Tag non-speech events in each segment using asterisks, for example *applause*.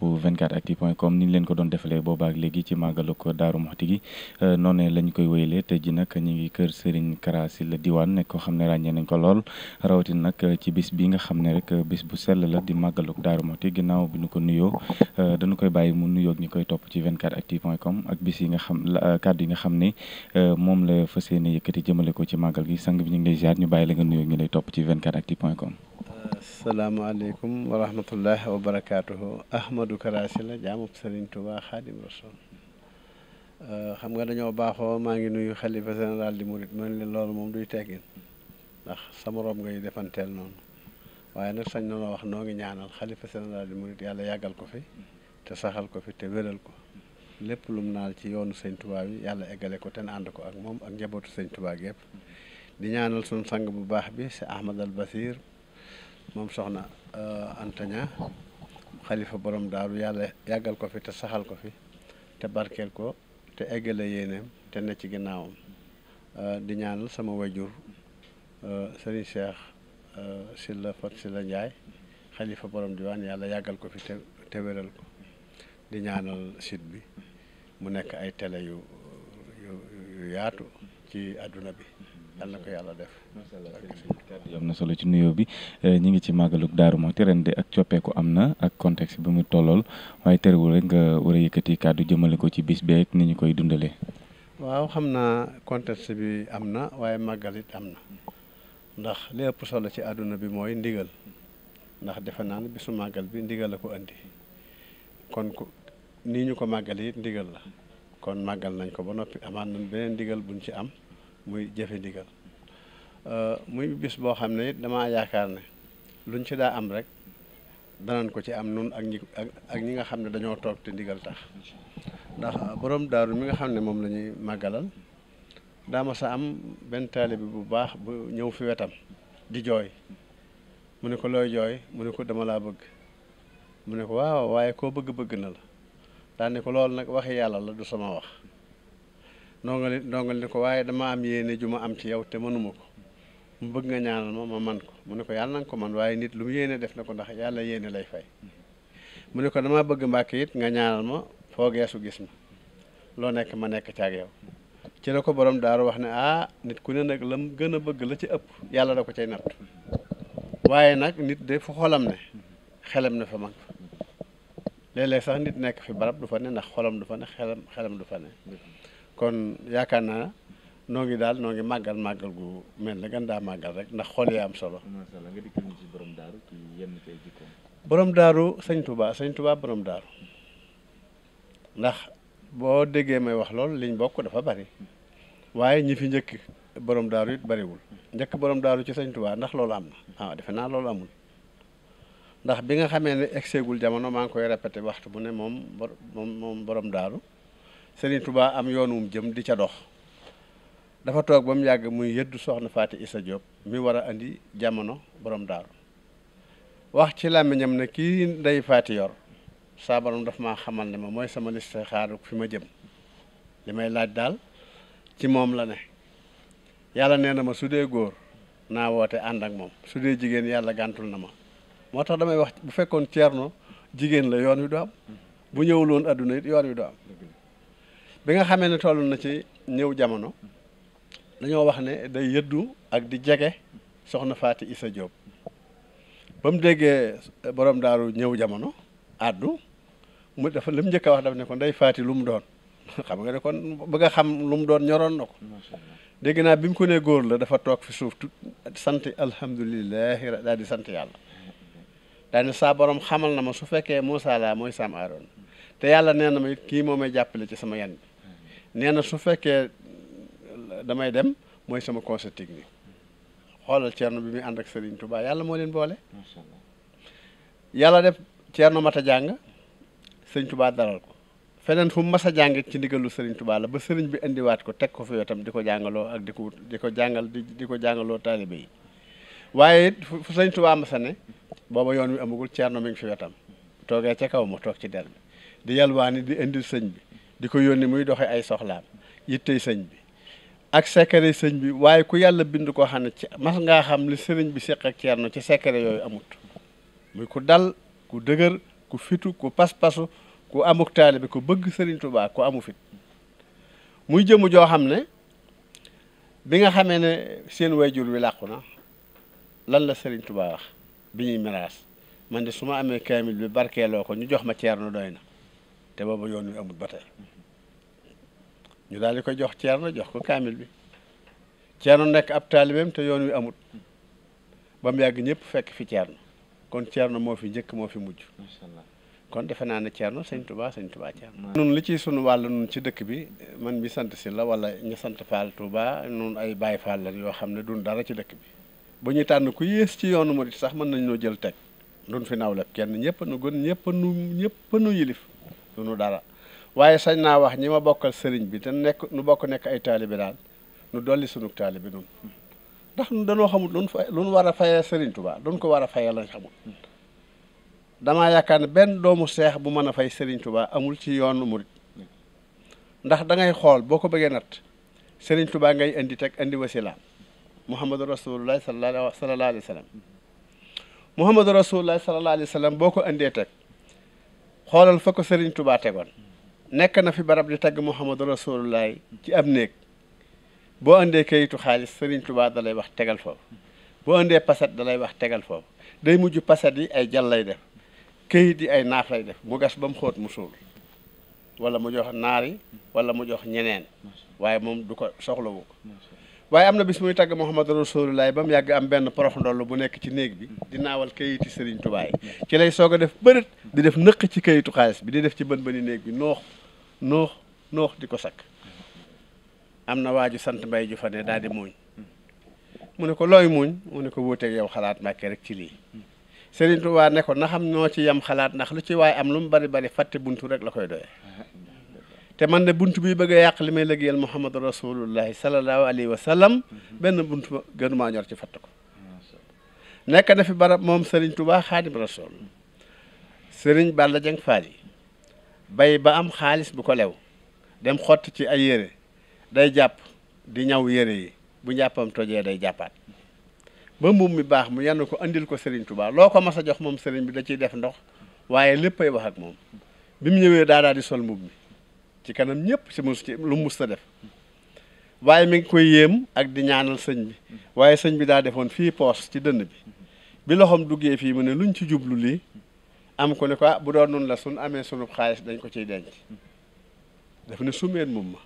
jàpp 24actu point com ni ñu leen ko doon defalee boobaak léegi ci màggalu ko Daaru Muxti gi euh, noonu lañ koy wéyalee te ji nag ñu ngi kër Serigne Kara Sylla diwaan nekk koo xam ne ràññee nañ ko lool rawatin nag ci bis bi nga xam ne rek bis bu sell la di màggalu Daaru Muxti ginnaaw bi ñu ko nuyoo euh, dañu koy bàyyi mu nuyoo ñu koy topp ci 24actu point com ak bis yi nga xam euh, kàddu yi nga xam ne moom la fas yéene yëkkati jëmale ci màggal gi ñu ngi lay ziar ñu bàyyi ñu lay topp ci 24actu point asalaamaaleykum wa rahmatullah wa barakaatuhu ahmadou karasi la jaamub sëriñ tuba xaadim rasul euh, xam nga dañoo baaxoo maa ngi nuyu xalifa général di murit ma ne leen loolu moom duy teggin ndax sama rob ngay defanteel noonu waaye nag sañ na noo wax noo ngi ñaanal xalifa général di murit yàlla yàggal ko fi te saxal ko fi te wéral ko lépp lum naal ci yoonu sëñ tuba bi yàlla eggale ko te ànd ko ak moom ak njabootu sëñ tuba gépp di ñaanal suñ sang bu baax bi si moom soxna euh, Antaña xalifa borom daalu yàlla yàggal ko fi te saxal ko fi te barkeel ko te eggale yéeneem te ne ci ginnaawam euh, di ñaanal sama wajur euh, sëriñ Cheikh Sylla Fat Sylla Ndiaye xalifa borom diwaan yàlla yàggal ko fi te te wéral ko di ñaanal site bi mu nekk ay télé yu yu yaatu ci àdduna bi yal ko yàlla def. am na solo ci nuyoo bi eh, ñu ngi ci màggalug Daaru moo ren de ak coppeeku am na ak contexte bi mu tollool waaye terewu rek nga war a yëkkati kàddu jëmale ko ci bis beeg ni ñu koy dundale waaw xam naa contexte bi am na waaye màggal it am na ndax li ëpp solo ci àdduna bi mooy ndigal ndax defe naa ne bisu màggal bi ndigal la ko andi kon ku nii ñu ko màggalee it ndigal la kon màggal nañ ko ba noppi amaat nañ beneen ndigal buñ ci am. muy jëfe ndigal euh, muy bis boo xam ne it damaa yaakaar ne luñ ci daa am rek danañ ko ci am nun ak ñi ak ñi nga xam ne dañoo toog te ndigal tax ndax borom daaru mi nga xam ne moom lañuy ñuy màggalal daa ma sa am benn bi bu baax bu ñëw fi wetam di jooy mu ne ko looy jooy mu ne ko dama laa bëgg mu ne ko waaw waaye koo bëgg bëgg na la daane ko loolu nag waxi yàlla la du sama wax ndongali ndongali ne ko waaye dama am yéene ju ma am ci yow te mënuma ko mu bëgg nga ñaanal ma ma man ko mu ne ko yàlla na nga ko man waaye nit lu mu yéene def na ko ndax yàlla yéene lay fay mu ne ko dama bëgg mbàkk it nga ñaanal ma foo geesu gis ma loo nekk ma nekk ci ak yow ci la ko borom daaru wax ne ah nit ku ne nag lam gën a bëgg la ci ëpp yàlla da ko cay natt waaye nag nit de fu xolam ne xelam ne fa man léeg-léeg sax nit nekk fi barab du fa ne ndax xolam du fa ne xelam xelam du fa ne kon yaakaar naa noo ngi daal noo ngi màggal màggal gu mel ne gan daa màggal rek ndax xool yi am solo. macha allah nga dikkal ñu ci borom daaru ci yenn kay jikkoom. borom daaru sëñ Touba sëñ Touba borom daaru ndax boo déggee may wax lool liñ bokk dafa bari waaye ñi fi njëkk borom daaru it bariwul njëkk borom daaru ci sëñ Touba ndax loolu am na waaw ah, defe naa loolu amul. ndax bi nga xamee ne egseegul jamono maa ngi koy répété waxtu bu ne moom moom borom daaru Serigne Touba am yoonum jëm di ca dox dafa toog ba mu yàgg muy yëddu soxna Faati Isa Diop mi war a indi jamono borom daal wax ci làmmiñam ne kii ndey faati yor saa borom daf maa xamal ne ma mooy sama listixaar fi ma jëm li may laaj daal ci moom la ne yàlla nee na ma su dee góor naa woote ànd ak moom su dee jigéen yàlla gàntul na ma moo tax damay wax bu fekkoon ceerno jigéen la yoon wi du am bu ñëwuloon adduna it yoon wi du am bi nga xamee ne toll na ci ñëw jamono dañoo wax ne day yëddu ak di jege soxna Faati Isa Diop ba mu déggee borom daaru ñëw jamono àddu mu dafa li mu njëkk a wax daf ne ko ndey Faati lu mu doon *laughs* xam nga ne kon bëgg a xam lu mu doon ñoroon na ko dégg naa bi mu ko nee góor la dafa toog fi suuf tut sant alhamdulilah daal di sant yàlla daal ne saa borom xamal na ma su fekkee Moussa laa mooy Sam Aaron te yàlla nee na ma kii moo may jàppale ci sama yan bi nee na su fekkee damay dem mooy sama conseil technique xoolal Thierno bi muy ànd ak Serigne Touba yàlla moo leen boole. yàlla def Thierno mat a jàng Serigne Touba dalal ko feneen fum mu mas a jàngit ci ndigalu sëriñ Touba la ba sëriñ bi indiwaat ko teg ko fi wetam di ko jàngaloo ak di ko di ko jàngal di ko jàngaloo taalibe yi waaye fu Serigne Touba mas ne booba yoon wi amagul Thierno mi ngi fi wetam toogee ca kaw ma toog ci der bi di yalwaani di indil sëñ bi. di ko yónni muy doxee ay soxlaam yittey sëñ bi ak secret sëñ bi waaye ku yàlla bind koo xam ne ci mas ngaa xam li sëriñ bi seq ak Ceerno ci secret yooyu amut muy ku dal ku dëgër ku fitu ku pas-pasu ku amuk taalibe ku bëgg sëriñ Tuubaa ku amu fit muy jëmu joo xam ne bi nga xamee ne seen wayjur wi làqu na lan la sëriñ Tuubaa wax bi ñuy miraas man de su ma amee kaamil bi barkeeloo ko ñu jox ma Ceerno doy na te boobu yoon wi amul ba tey ñu daal di ko jox Ceerno jox ko kaamil bi Ceerno nekk ab taalibeem te yoon wi amut ba mu yàgg ñëpp fekk fi Ceerno kon na moo fi njëkk moo fi mujj kon defe naa ne Ceerno sëñ Touba sëñ Touba Ceerno nun li ci sunu wàll nun ci dëkk bi man mi sant si la wala ñu sant Fall Touba nun ay Baay Fall la yoo xam ne dun dara ci dëkk bi ba ñuy tànn ku yées ci yoonu murit sax mën nañ noo jël teg dun fi nawleb kenn ñëpp nu gën ñëpp nu ñëpp nu duñu dara waaye sañ naa wax ñi ma bokkal sëriñ bi te nekk nu bokk nekk ay taalibe daal nu dolli sunu taalibe noonu ndax nu dañoo xamul lu nu war a fayee sëriñ tubaa duñ ko war a fayee lañ xamul damaa yaakaar ne benn doomu seex bu mën a fay sëriñ tubaa amul ci yoon yoonu murit ndax dangay xool boo ko bëggee nat sëriñ tubaa ngay indi teg indi wasila muhammadu rasulullah sallallahu alayhi wa sallam muhammadu rasulullah sallallahu alayhi wa sallam boo ko indee teg xoolal fa ko Serigne Touba tegoon nekk na fi barab di tagg Mouhamadou Rasulullahi ci ab néeg boo andee kayitu xaalis Serigne Touba da lay wax tegal foofu boo andee paset dalay wax tegal foofu day mujj paset yi ay jal lay def kayit yi ay naaf lay def mu gas ba mu xóot mu suul wala mu jox naar yi wala mu jox ñeneen waaye moom du ko soxlawu waaye am na bis muy tagg Muhammad laay ba mu yàgg am benn porox ndoll bu nekk ci néeg bi di naawal kayiti Serigne Touba ci lay soog a def bërët di def nëq ci kayitu xaalis bi di def ci bën bëni néeg bi noox noox noox di ko sakk am na waaju sant mbay ju fa ne daal di muuñ mu ne ko looy muuñ mu ne ko wuuteeg yow xalaat màkke rek ci lii Serigne Touba ne ko na xam noo ci yem xalaat ndax lu ci waaye am lu mu bari bari fàtte buntu rek la koy doyee te man de bunt bi bëgg a yàq li may liggéeyal Muhammadu Rasulullahi sallallahu alayhi wa sallam mhm. benn bunt gënu maa ñor ci fatt ko nekk na fi barab moom Serigne Touba Xaadim Rasul Serigne Balla Jeng Faali bay ba am xaalis bu ko lew dem xotti ci ay yére day jàpp di ñaw yére yi bu njàppam tojee day jàppaat ba mbubb mi baax mu yenn ko andil ko Serigne Touba loo ko mas a jox moom Serigne bi da ciy def ndox waaye léppay wax ak moom bi mu ñëwee daa daal di sol mbubb mi ci kanam ñëpp ci mos ci lu mus ta def waaye mi ngi koy yéem ak di ñaanal sëñ bi waaye sëñ bi daa defoon fii poos ci dënn bi bi loxoom duggee fii mu ne luñ ci jublu lii am ko ne ko ah, bu doon noonu la suñ amee sunu xaalis dañ ko ciy denc daf ne sumeen mum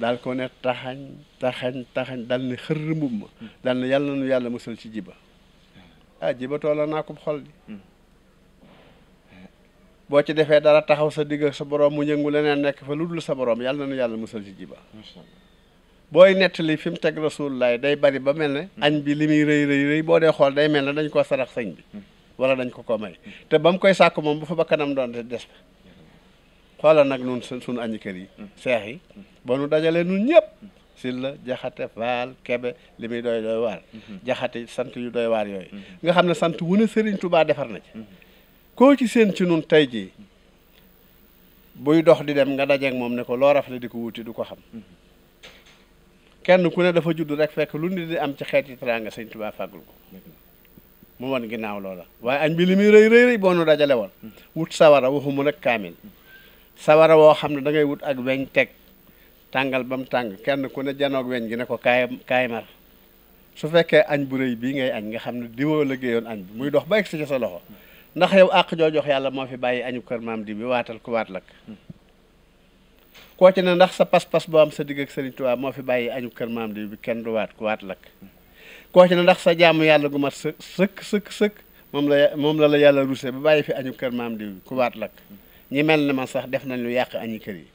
ma ko ne taxañ taxañ taxañ dal ne xërr mum ma daal yàlla nu yàlla musal ci jiba hmm. ah jiba naa ko xol di hmm. boo ci defee dara taxaw sa digg sa borom mu yëngu leneen nekk fa lu dul sa borom yàlla na nu yàlla musal ci jiba booy nettali fi mu teg rasulullaay day bari ba mel ne añ bi li muy rëy rëy rëy boo dee xool day mel ne dañ koo sarax sëñ bi hmm. wala dañ ko ko may te ba mu koy sàkk moom bu fa ba kanam doon des fa xoolal nag nun suñu añi kër yi hmm. seex yi hmm. ba nu dajalee nun ñëpp Silla jaxate Faal Kebe li muy doy doy waar jaxate sant yu doy waar yooyu nga xam ne sant wu ne Sëriñ Tubaa defar na koo ci seen ci nun tey jii buy dox di dem nga dajeeg moom ne ko loo rafetlu di ko wuti du ko xam kenn ku ne dafa juddu rek fekk lu nit di am ci xeeti nga sëñ Tuubaa fàggul ko mu wan ginnaaw loola waaye añ bi li muy rëy rëy boo nu dajale woon wut sawara waxuma nag kaamil sawara woo xam ne dangay wut ak weñ teg tàngal ba mu tàng kenn ku ne janoog weñ gi ne ko kaay kaay mar su fekkee añ bu rëy bii ngay añ nga xam ne diwoo liggéeyoon añ bi muy dox ba egg si sa loxo ndax yow àq joo jox yàlla moo fi bàyyi añu kër maam di bi waatal ku waat lakk koo ci ndax sa pas-pas boo am sa digg ak Sëriñ Tuubaa moo fi bàyyi añu kër maam di bi kenn du waat ku waat lakk koo ci ndax sa jaamu yàlla gu mat sëkk sëkk sëkk moom la moom la la yàlla ruusee bu bàyyi fi añu kër maam di bi ku waat lakk ñi mel ne man sax def nañ lu yàq añu kër yi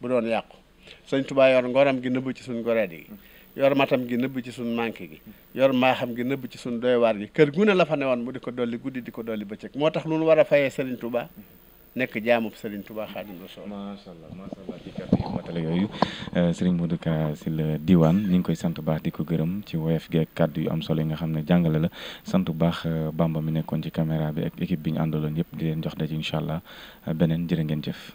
bu doon yàqu Sëriñ Tuubaa yor ngoram gi nëbb ci suñ goreet yi yor matam gi nëbb ci suñ manqué gi yor maaxam gi nëbb ci suñ doy waar gi kër gu ne la fa ne woon mu di ko dolli guddi di ko dolli bëccëg moo tax lu nu war a fayee Serigne nekk jaamub Serigne Touba Xaadim Rasuul. macha allah macha allah ci kàddu yu matale yooyu eh, Serigne Modou si Sylla diwaan ñu ngi koy sant baax di ko gërëm ci woyof gi ak kàddu yu am solo yi nga xam ne jàngale la sant baax eh, Bamba mi nekkoon ci caméra bi ak équipe bi ñu àndaloon yëpp di leen jox daje incha allah eh, beneen jërë ngeen jëf.